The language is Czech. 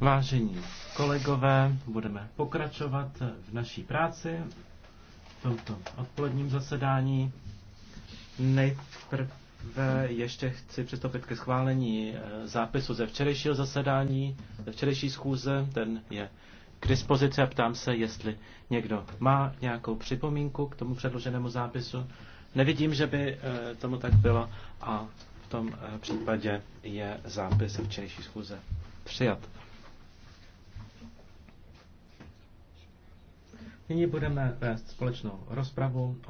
Vážení kolegové, budeme pokračovat v naší práci v tomto odpoledním zasedání. Nejprve Nejprve ještě chci přistoupit ke schválení eh, zápisu ze včerejšího zasedání, ze včerejší schůze, ten je k dispozici a ptám se, jestli někdo má nějakou připomínku k tomu předloženému zápisu. Nevidím, že by eh, tomu tak bylo a v tom eh, případě je zápis ze včerejší schůze přijat. Nyní budeme vést společnou rozpravu